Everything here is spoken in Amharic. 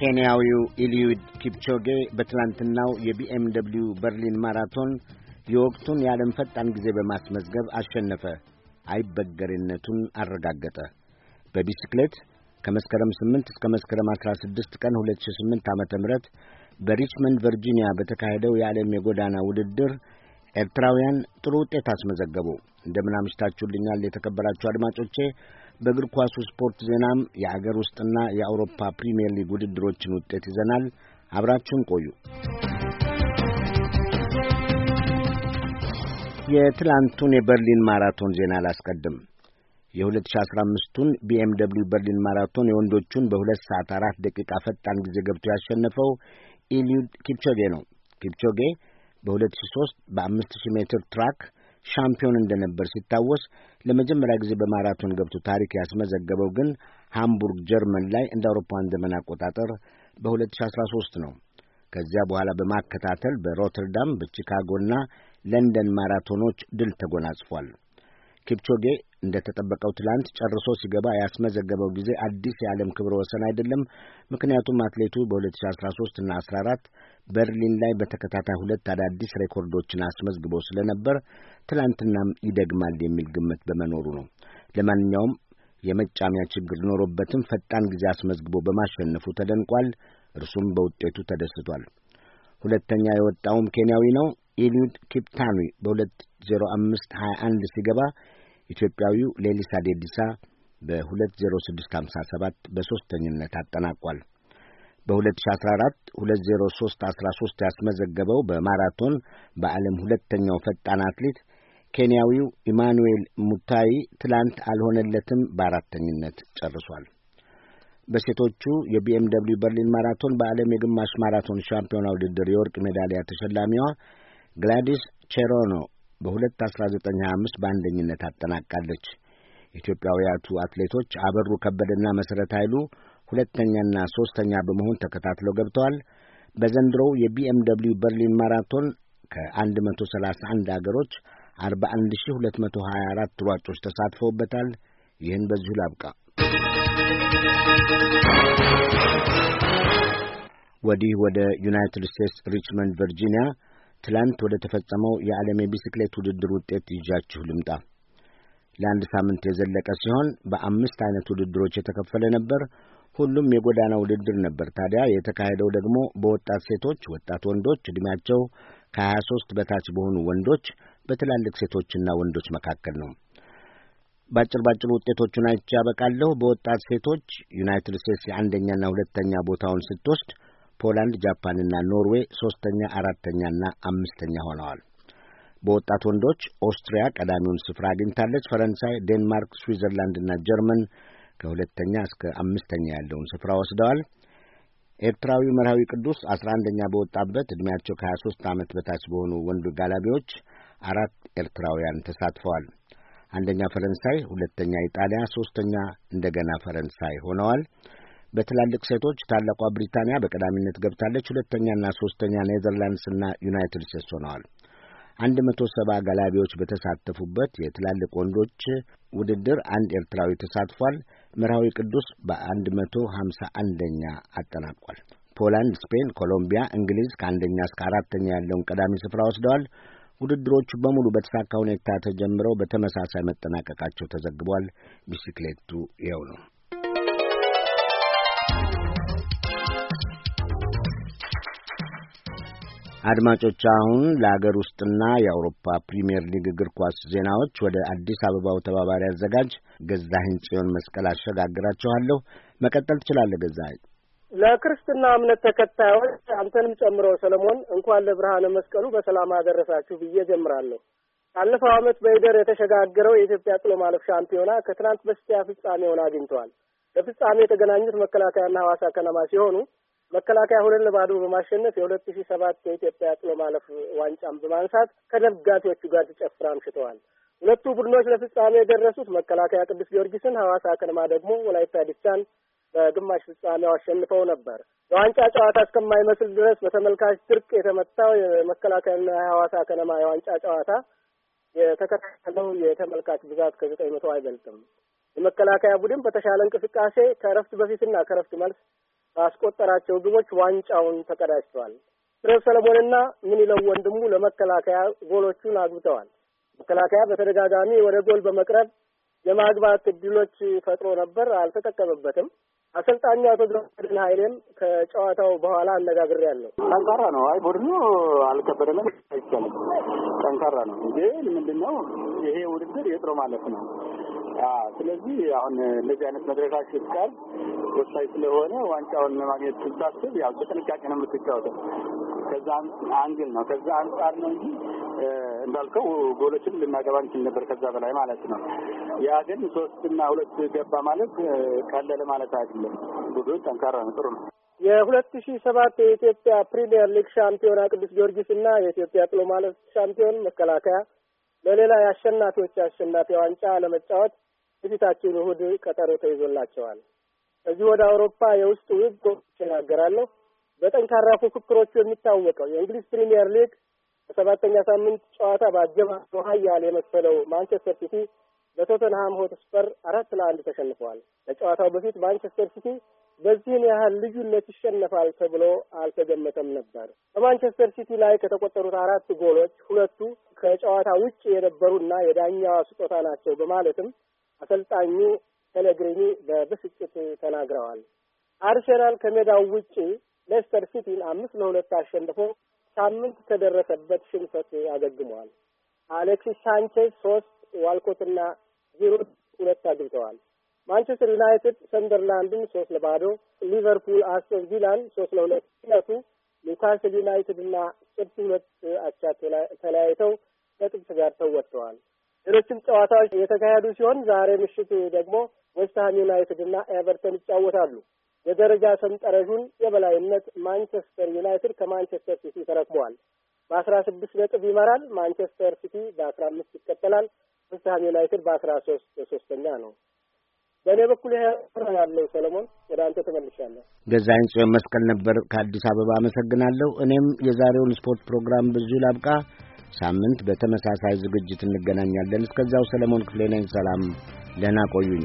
ኬንያዊው ኢልዩድ ኪፕቾጌ በትላንትናው የቢኤም ደብልዩ በርሊን ማራቶን የወቅቱን የዓለም ፈጣን ጊዜ በማስመዝገብ አሸነፈ፣ አይበገሬነቱን አረጋገጠ። በቢስክሌት ከመስከረም 8 እስከ መስከረም 16 ቀን 2008 ዓ.ም በሪችመንድ ቨርጂኒያ በተካሄደው የዓለም የጎዳና ውድድር ኤርትራውያን ጥሩ ውጤት አስመዘገቡ። እንደምን አምሽታችሁልኛል የተከበራችሁ አድማጮቼ። በእግር ኳሱ ስፖርት ዜናም የአገር ውስጥና የአውሮፓ ፕሪምየር ሊግ ውድድሮችን ውጤት ይዘናል። አብራችሁን ቆዩ። የትላንቱን የበርሊን ማራቶን ዜና አላስቀድም። የ2015ቱን ቢኤምደብሊው በርሊን ማራቶን የወንዶቹን በሁለት ሰዓት አራት ደቂቃ ፈጣን ጊዜ ገብቶ ያሸነፈው ኢልዩድ ኪፕቾጌ ነው። ኪፕቾጌ በ2003 በ5000 ሜትር ትራክ ሻምፒዮን እንደነበር ሲታወስ ለመጀመሪያ ጊዜ በማራቶን ገብቶ ታሪክ ያስመዘገበው ግን ሃምቡርግ ጀርመን ላይ እንደ አውሮፓውያን ዘመን አቆጣጠር በ2013 ነው። ከዚያ በኋላ በማከታተል በሮተርዳም በቺካጎና ለንደን ማራቶኖች ድል ተጎናጽፏል። ኪፕቾጌ እንደ ተጠበቀው ትላንት ጨርሶ ሲገባ ያስመዘገበው ጊዜ አዲስ የዓለም ክብረ ወሰን አይደለም። ምክንያቱም አትሌቱ በ2013 እና 14 በርሊን ላይ በተከታታይ ሁለት አዳዲስ ሬኮርዶችን አስመዝግቦ ስለነበር ትላንትናም ይደግማል የሚል ግምት በመኖሩ ነው። ለማንኛውም የመጫሚያ ችግር ኖሮበትም ፈጣን ጊዜ አስመዝግቦ በማሸነፉ ተደንቋል። እርሱም በውጤቱ ተደስቷል። ሁለተኛ የወጣውም ኬንያዊ ነው። ኢሊዩድ ኪፕታኑ በሁለት ዜሮ አምስት ሀያ አንድ ሲገባ ኢትዮጵያዊው ሌሊሳ ዴዲሳ በ ዜሮ ስድስት ሀምሳ ሰባት በሦስተኝነት አጠናቋል። በ2014 20313 ያስመዘገበው በማራቶን በዓለም ሁለተኛው ፈጣን አትሌት ኬንያዊው ኢማኑኤል ሙታይ ትላንት አልሆነለትም፣ በአራተኝነት ጨርሷል። በሴቶቹ የቢኤም ደብሊው በርሊን ማራቶን በዓለም የግማሽ ማራቶን ሻምፒዮና ውድድር የወርቅ ሜዳሊያ ተሸላሚዋ ግላዲስ ቼሮኖ በ2፡19፡25 በአንደኝነት አጠናቃለች። ኢትዮጵያውያቱ አትሌቶች አበሩ ከበደና መሠረት ኃይሉ ሁለተኛና ሦስተኛ በመሆን ተከታትለው ገብተዋል። በዘንድሮው የቢኤምደብሊው በርሊን ማራቶን ከ131 አገሮች 41224 ሯጮች ተሳትፈውበታል። ይህን በዚሁ ላብቃ። ወዲህ ወደ ዩናይትድ ስቴትስ ሪችመንድ ቨርጂኒያ ትላንት ወደ ተፈጸመው የዓለም የቢስክሌት ውድድር ውጤት ይዣችሁ ልምጣ። ለአንድ ሳምንት የዘለቀ ሲሆን በአምስት አይነት ውድድሮች የተከፈለ ነበር። ሁሉም የጎዳና ውድድር ነበር። ታዲያ የተካሄደው ደግሞ በወጣት ሴቶች፣ ወጣት ወንዶች ዕድሜያቸው ከ23 በታች በሆኑ ወንዶች፣ በትላልቅ ሴቶችና ወንዶች መካከል ነው። ባጭር ባጭር ውጤቶቹን አይቼ ያበቃለሁ። በወጣት ሴቶች ዩናይትድ ስቴትስ የአንደኛና ሁለተኛ ቦታውን ስትወስድ፣ ፖላንድ፣ ጃፓንና ኖርዌይ ሦስተኛ፣ አራተኛና አምስተኛ ሆነዋል። በወጣት ወንዶች ኦስትሪያ ቀዳሚውን ስፍራ አግኝታለች። ፈረንሳይ፣ ዴንማርክ፣ ስዊዘርላንድና ጀርመን ከሁለተኛ እስከ አምስተኛ ያለውን ስፍራ ወስደዋል። ኤርትራዊው መርሃዊ ቅዱስ አስራ አንደኛ በወጣበት ዕድሜያቸው ከሀያ ሦስት ዓመት በታች በሆኑ ወንድ ጋላቢዎች አራት ኤርትራውያን ተሳትፈዋል። አንደኛ ፈረንሳይ፣ ሁለተኛ ኢጣሊያ፣ ሦስተኛ እንደገና ፈረንሳይ ሆነዋል። በትላልቅ ሴቶች ታላቋ ብሪታንያ በቀዳሚነት ገብታለች። ሁለተኛና ሦስተኛ ኔዘርላንድስና ዩናይትድ ስቴትስ ሆነዋል። አንድ መቶ ሰባ ጋላቢዎች በተሳተፉበት የትላልቅ ወንዶች ውድድር አንድ ኤርትራዊ ተሳትፏል። ምርሃዊ ቅዱስ በአንድ መቶ ሀምሳ አንደኛ አጠናቋል። ፖላንድ፣ ስፔን፣ ኮሎምቢያ፣ እንግሊዝ ከአንደኛ እስከ አራተኛ ያለውን ቀዳሚ ስፍራ ወስደዋል። ውድድሮቹ በሙሉ በተሳካ ሁኔታ ተጀምረው በተመሳሳይ መጠናቀቃቸው ተዘግቧል። ቢሲክሌቱ ይኸው ነው። አድማጮች አሁን ለአገር ውስጥና የአውሮፓ ፕሪምየር ሊግ እግር ኳስ ዜናዎች ወደ አዲስ አበባው ተባባሪ አዘጋጅ ገዛኸኝ ጽዮን መስቀል አሸጋግራችኋለሁ። መቀጠል ትችላለህ ገዛኸኝ። ለክርስትና እምነት ተከታዮች አንተንም ጨምሮ ሰለሞን እንኳን ለብርሃነ መስቀሉ በሰላም አደረሳችሁ ብዬ ጀምራለሁ። ካለፈው ዓመት በኢደር የተሸጋገረው የኢትዮጵያ ጥሎ ማለፍ ሻምፒዮና ከትናንት በስቲያ ፍጻሜውን አግኝተዋል። ለፍጻሜ የተገናኙት መከላከያና ሐዋሳ ከነማ ሲሆኑ መከላከያ ሁለት ለባዶ በማሸነፍ የሁለት ሺ ሰባት የኢትዮጵያ ጥሎ ማለፍ ዋንጫም በማንሳት ከደጋፊዎቹ ጋር ሲጨፍር አምሽተዋል። ሁለቱ ቡድኖች ለፍጻሜ የደረሱት መከላከያ ቅዱስ ጊዮርጊስን፣ ሐዋሳ ከነማ ደግሞ ወላይታ ዲቻን በግማሽ ፍጻሜው አሸንፈው ነበር። የዋንጫ ጨዋታ እስከማይመስል ድረስ በተመልካች ድርቅ የተመታው የመከላከያና የሐዋሳ ከነማ የዋንጫ ጨዋታ የተከታተለው የተመልካች ብዛት ከዘጠኝ መቶ አይበልጥም። የመከላከያ ቡድን በተሻለ እንቅስቃሴ ከእረፍት በፊትና ከእረፍት መልስ ባስቆጠራቸው ግቦች ዋንጫውን ተቀዳጅተዋል። ፍሬው ሰለሞንና ይለው ወንድሙ ለመከላከያ ጎሎቹን አግብተዋል። መከላከያ በተደጋጋሚ ወደ ጎል በመቅረብ የማግባት እድሎች ፈጥሮ ነበር፣ አልተጠቀመበትም። አሰልጣኙ አቶ ገብረመድህን ኃይሌም ከጨዋታው በኋላ አነጋግሬያለሁ። ጠንካራ ነው። አይ ቡድኑ አልከበደንም፣ አይቻልም። ጠንካራ ነው። ግን ምንድን ነው ይሄ ውድድር የጥሮ ማለት ነው። ስለዚህ አሁን እንደዚህ አይነት መድረካች ስካል ወሳኝ ስለሆነ ዋንጫውን ለማግኘት ስታስብ ያው በጥንቃቄ ነው የምትጫወተው። ከዛ አንግል ነው ከዛ አንጻር ነው እንጂ እንዳልከው ጎሎችን ልናገባ እንችል ነበር ከዛ በላይ ማለት ነው። ያ ግን ሶስትና ሁለት ገባ ማለት ቀለለ ማለት አይደለም። ብዙ ጠንካራ ነው፣ ጥሩ ነው። የሁለት ሺ ሰባት የኢትዮጵያ ፕሪሚየር ሊግ ሻምፒዮና ቅዱስ ጊዮርጊስ እና የኢትዮጵያ ጥሎ ማለፍ ሻምፒዮን መከላከያ ለሌላ የአሸናፊዎች አሸናፊ ዋንጫ ለመጫወት የፊታችን እሁድ ቀጠሮ ተይዞላቸዋል። እዚህ ወደ አውሮፓ የውስጥ ውብ ተናገራለሁ። በጠንካራ ፉክክሮቹ የሚታወቀው የእንግሊዝ ፕሪሚየር ሊግ በሰባተኛ ሳምንት ጨዋታ በአጀማመሩ ኃያል የመሰለው ማንቸስተር ሲቲ በቶተንሃም ሆትስፐር አራት ለአንድ ተሸንፈዋል። ከጨዋታው በፊት ማንቸስተር ሲቲ በዚህን ያህል ልዩነት ይሸነፋል ተብሎ አልተገመተም ነበር። በማንቸስተር ሲቲ ላይ ከተቆጠሩት አራት ጎሎች ሁለቱ ከጨዋታ ውጭ የነበሩና የዳኛዋ ስጦታ ናቸው በማለትም አሰልጣኙ ፔሌግሪኒ በብስጭት ተናግረዋል። አርሴናል ከሜዳው ውጪ ሌስተር ሲቲን አምስት ለሁለት አሸንፎ ሳምንት ከደረሰበት ሽንፈት አገግመዋል። አሌክሲስ ሳንቼዝ ሶስት ዋልኮትና ዜሮ ሁለት አግብተዋል። ማንቸስተር ዩናይትድ ሰንደርላንድን ሶስት ለባዶ፣ ሊቨርፑል አስቶን ቪላን ሶስት ለሁለት ሲለቱ ኒውካስል ዩናይትድ እና ጭርስ ሁለት አቻ ተለያይተው ነጥብ ጋር ተወጥተዋል። ሌሎችም ጨዋታዎች የተካሄዱ ሲሆን ዛሬ ምሽት ደግሞ ዌስትሃም ዩናይትድ እና ኤቨርተን ይጫወታሉ። የደረጃ ሰንጠረዡን የበላይነት ማንቸስተር ዩናይትድ ከማንቸስተር ሲቲ ተረክሟል። በአስራ ስድስት ነጥብ ይመራል። ማንቸስተር ሲቲ በአስራ አምስት ይከተላል። ዌስትሃም ዩናይትድ በአስራ ሶስት ሶስተኛ ነው። በእኔ በኩል ያለው ሰለሞን፣ ወደ አንተ ተመልሻለሁ። ገዛኸኝ ጽዮን መስቀል ነበር ከአዲስ አበባ አመሰግናለሁ። እኔም የዛሬውን ስፖርት ፕሮግራም ብዙ ላብቃ። ሳምንት በተመሳሳይ ዝግጅት እንገናኛለን። እስከዚያው ሰለሞን ክፍሌ ነኝ። ሰላም፣ ደህና ቆዩኝ።